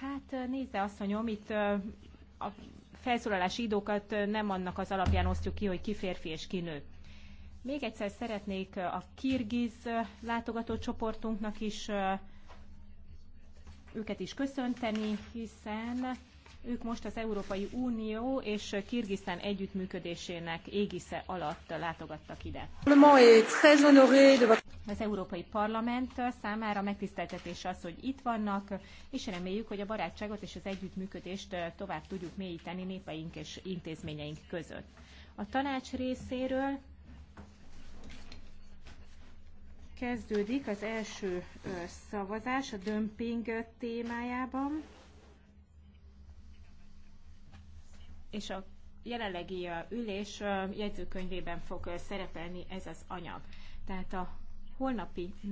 Hát nézze, asszonyom, itt a felszólalási időkat nem annak az alapján osztjuk ki, hogy ki férfi és ki nő. Még egyszer szeretnék a kirgiz látogatócsoportunknak is őket is köszönteni, hiszen ők most az Európai Unió és Kirgisztán együttműködésének égisze alatt látogattak ide az Európai Parlament számára megtiszteltetés az, hogy itt vannak, és reméljük, hogy a barátságot és az együttműködést tovább tudjuk mélyíteni népeink és intézményeink között. A tanács részéről kezdődik az első szavazás a dömping témájában, és a jelenlegi ülés jegyzőkönyvében fog szerepelni ez az anyag. Tehát a holnapi